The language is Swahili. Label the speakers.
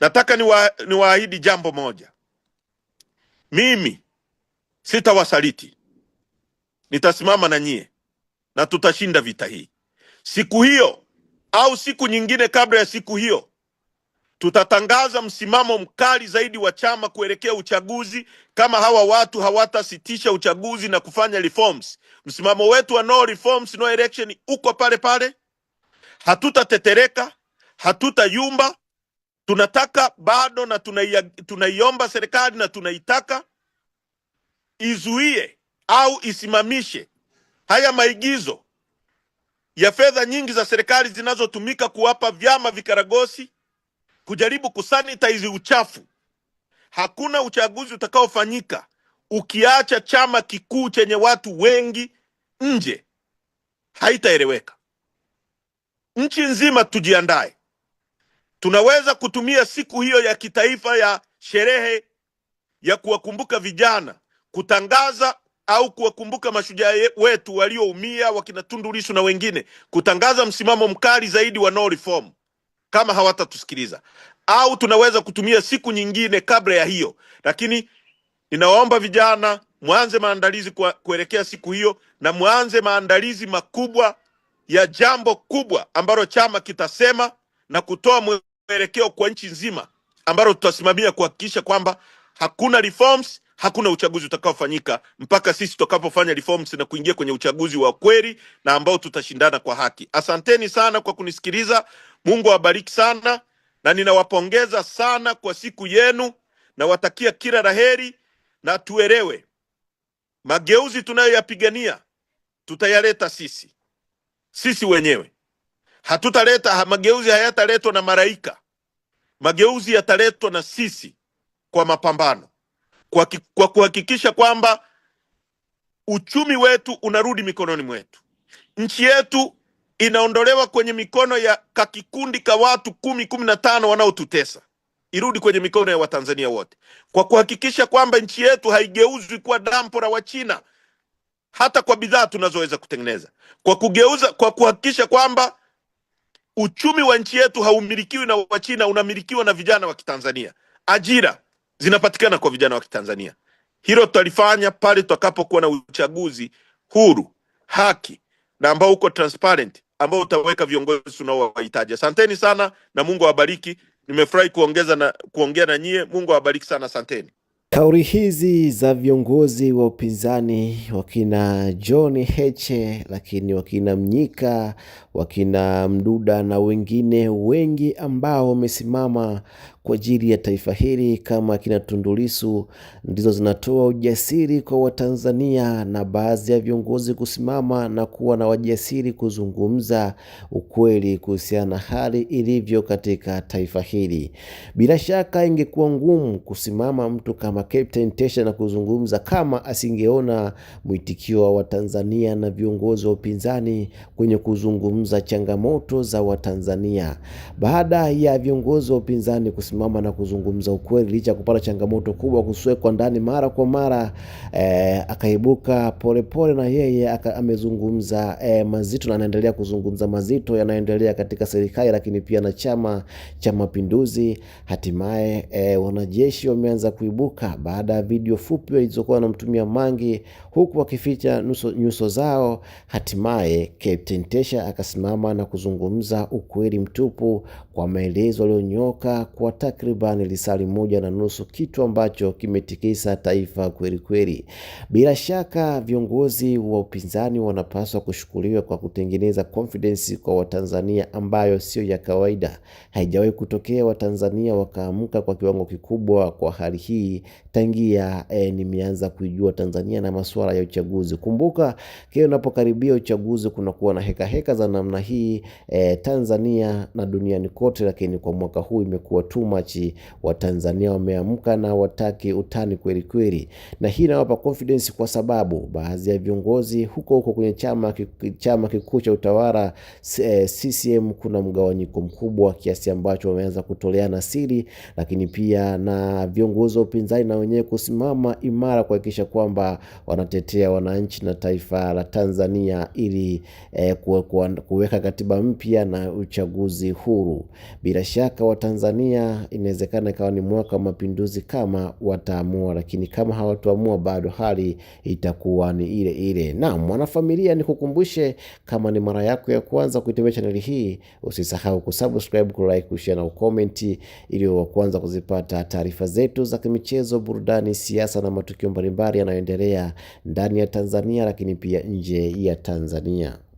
Speaker 1: Nataka niwaahidi ni jambo moja, mimi sitawasaliti, nitasimama na nyie na tutashinda vita hii. Siku hiyo au siku nyingine kabla ya siku hiyo, tutatangaza msimamo mkali zaidi wa chama kuelekea uchaguzi. Kama hawa watu hawatasitisha uchaguzi na kufanya reforms, msimamo wetu wa no reforms, no election uko pale pale. Hatutatetereka, hatutayumba tunataka bado na tunaiomba serikali na tunaitaka izuie au isimamishe haya maigizo ya fedha nyingi za serikali zinazotumika kuwapa vyama vikaragosi kujaribu kusanitize uchafu. Hakuna uchaguzi utakaofanyika ukiacha chama kikuu chenye watu wengi nje, haitaeleweka. Nchi nzima tujiandae. Tunaweza kutumia siku hiyo ya kitaifa ya sherehe ya kuwakumbuka vijana kutangaza au kuwakumbuka mashujaa wetu walioumia wakina Tundu Lissu na wengine, kutangaza msimamo mkali zaidi wa no reform kama hawatatusikiliza, au tunaweza kutumia siku nyingine kabla ya hiyo. Lakini ninawaomba vijana mwanze maandalizi kwa kuelekea siku hiyo, na mwanze maandalizi makubwa ya jambo kubwa ambalo chama kitasema na kutoa mwelekeo kwa nchi nzima ambalo tutasimamia kuhakikisha kwamba hakuna reforms, hakuna uchaguzi utakaofanyika mpaka sisi tutakapofanya reforms na kuingia kwenye uchaguzi wa kweli na ambao tutashindana kwa haki. Asanteni sana kwa kunisikiliza. Mungu awabariki sana, na ninawapongeza sana kwa siku yenu, nawatakia kila laheri, na tuelewe mageuzi tunayoyapigania tutayaleta sisi sisi wenyewe, hatutaleta mageuzi, hayataletwa na maraika Mageuzi yataletwa na sisi kwa mapambano, kwa, ki, kwa kuhakikisha kwamba uchumi wetu unarudi mikononi mwetu, nchi yetu inaondolewa kwenye mikono ya kakikundi ka watu kumi kumi na tano wanaotutesa irudi kwenye mikono ya Watanzania wote kwa kuhakikisha kwamba nchi yetu haigeuzwi kuwa dampo la Wachina hata kwa bidhaa tunazoweza kutengeneza, kwa kugeuza, kwa kuhakikisha kwamba uchumi wa nchi yetu haumilikiwi na Wachina, unamilikiwa na vijana wa Kitanzania. Ajira zinapatikana kwa vijana wa Kitanzania. Hilo tutalifanya pale tutakapokuwa na uchaguzi huru, haki na ambao uko transparent, ambao utaweka viongozi tunaowahitaji. Asanteni sana na Mungu awabariki. Nimefurahi kuongeza na kuongea na nyie. Mungu awabariki sana, asanteni.
Speaker 2: Kauli hizi za viongozi wa upinzani wakina John Heche, lakini wakina Mnyika, wakina Mduda na wengine wengi ambao wamesimama kwa ajili ya taifa hili kama kina Tundu Lissu ndizo zinatoa ujasiri kwa Watanzania na baadhi ya viongozi kusimama na kuwa na wajasiri kuzungumza ukweli kuhusiana na hali ilivyo katika taifa hili. Bila shaka ingekuwa ngumu kusimama mtu kama Captain Tesha na kuzungumza kama asingeona mwitikio wa Watanzania na viongozi wa upinzani kwenye kuzungumza changamoto za Watanzania baada ya viongozi wa upinzani kusimama na kuzungumza ukweli licha ya kupata changamoto kubwa kuswekwa ndani mara kwa mara eh, akaibuka polepole pole na yeye amezungumza eh, mazito na anaendelea kuzungumza mazito yanayoendelea katika serikali lakini pia na Chama cha Mapinduzi. Hatimaye eh, wanajeshi wameanza kuibuka baada ya video fupi walizokuwa wanamtumia Mangi huku wakificha nyuso zao. Hatimaye Captain Tesha akasimama na kuzungumza ukweli mtupu kwa maelezo yaliyonyoka kwa takriban lisali moja na nusu, kitu ambacho kimetikisa taifa kweli kweli. Bila shaka viongozi wa upinzani wanapaswa kushukuliwa kwa kutengeneza confidence kwa Watanzania ambayo sio ya kawaida, haijawahi kutokea Watanzania wakaamka kwa kiwango kikubwa kwa hali hii tangia eh, nimeanza kuijua Tanzania na masuala ya uchaguzi. Kumbuka kile unapokaribia uchaguzi kunakuwa na hekaheka heka za namna hii eh, Tanzania na duniani kote, lakini kwa mwaka huu imekuwa tu Machi, Watanzania wameamka na wataki utani kweli kweli, na hii inawapa confidence kwa sababu baadhi ya viongozi huko huko kwenye chama, chama kikuu cha utawala e, eh, CCM kuna mgawanyiko mkubwa kiasi ambacho wameanza kutoleana siri, lakini pia na viongozi wa upinzani na wenyewe kusimama imara kuhakikisha kwamba wanatetea wananchi na taifa la Tanzania ili e, kuweka katiba mpya na uchaguzi huru. Bila shaka Watanzania inawezekana ikawa ni mwaka wa mapinduzi kama wataamua, lakini kama hawatuamua bado hali itakuwa ni ile ile. Na mwanafamilia, nikukumbushe kama ni mara yako ya kwanza kuitembea chaneli hii, usisahau kusubscribe, kulike, kushare na ucomment ili wa kwanza kuzipata taarifa zetu za kimichezo, burudani, siasa na matukio mbalimbali yanayoendelea ndani ya Tanzania, lakini pia nje ya Tanzania.